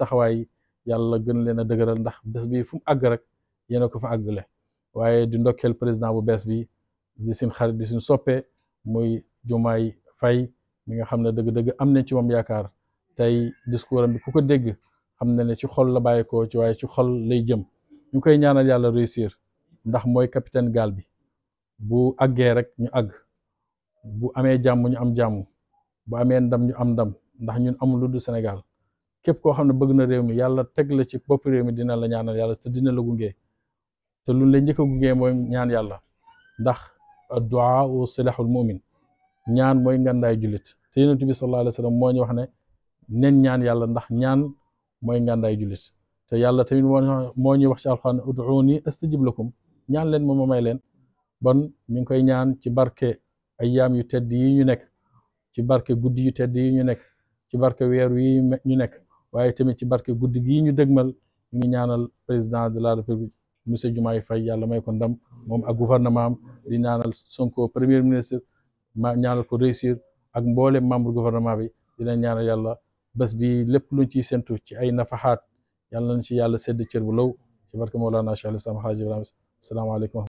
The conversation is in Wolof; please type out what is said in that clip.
taxawaay yàlla gën leen a dëgëral ndax bés bi fu mu àgg rek yéen ko fa àggule waaye di ndokkeel président bu bees bi di seen xarit di seen soppe muy Diomaye Faye mi nga xam ne dëgg-dëgg am na ci moom yaakaar tey discours am bi ku ko dégg xam na ne ci xol la bàyyeekoo ci waaye ci xol lay jëm ñu koy ñaanal yàlla réussir ndax mooy capitaine gaal bi bu àggee rek ñu àgg bu amee jàmm ñu am jàmm bu amee ndam ñu am ndam ndax ñun amul lu dul Sénégal képp koo xam ne bëgg na réew mi yàlla teg la ci bopp réew mi dina la ñaanal yàlla te dina la gunge te lu la njëkk a gunge mooy ñaan yàlla ndax duaa u silahul mumin ñaan mooy ngandaay jullit te yonent bi sallallahu moo ñu wax ne nen ñaan yàlla ndax ñaan mooy ngàndaay jullit te yàlla tamit moo ñuy wax ci alxuraan uduuni astajib lakum ñaan leen moo ma may leen bon mu ngi koy ñaan ci barke ay yaam yu tedd yi ñu nekk ci barke guddi yu tedd yi ñu nekk ci barke weer yi ñu nekk waaye tamit ci barke guddi gii ñu dëgmal ñu ngi ñaanal président de la république monsieur Diomaye fay yàlla may ko ndam moom a gouvernement di ñaanal Sonko premier ministre ma ñaanal ko réussir ak mboole membre gouvernement bi dina ñaanal yàlla bés bi lépp luñ ciy séntu ci ay nafaxaat yàlla nañ ci yàlla sedd cër bu law ci barke Mawlana Cheikh al Islam Hadji Ibrahima salaamaaleykum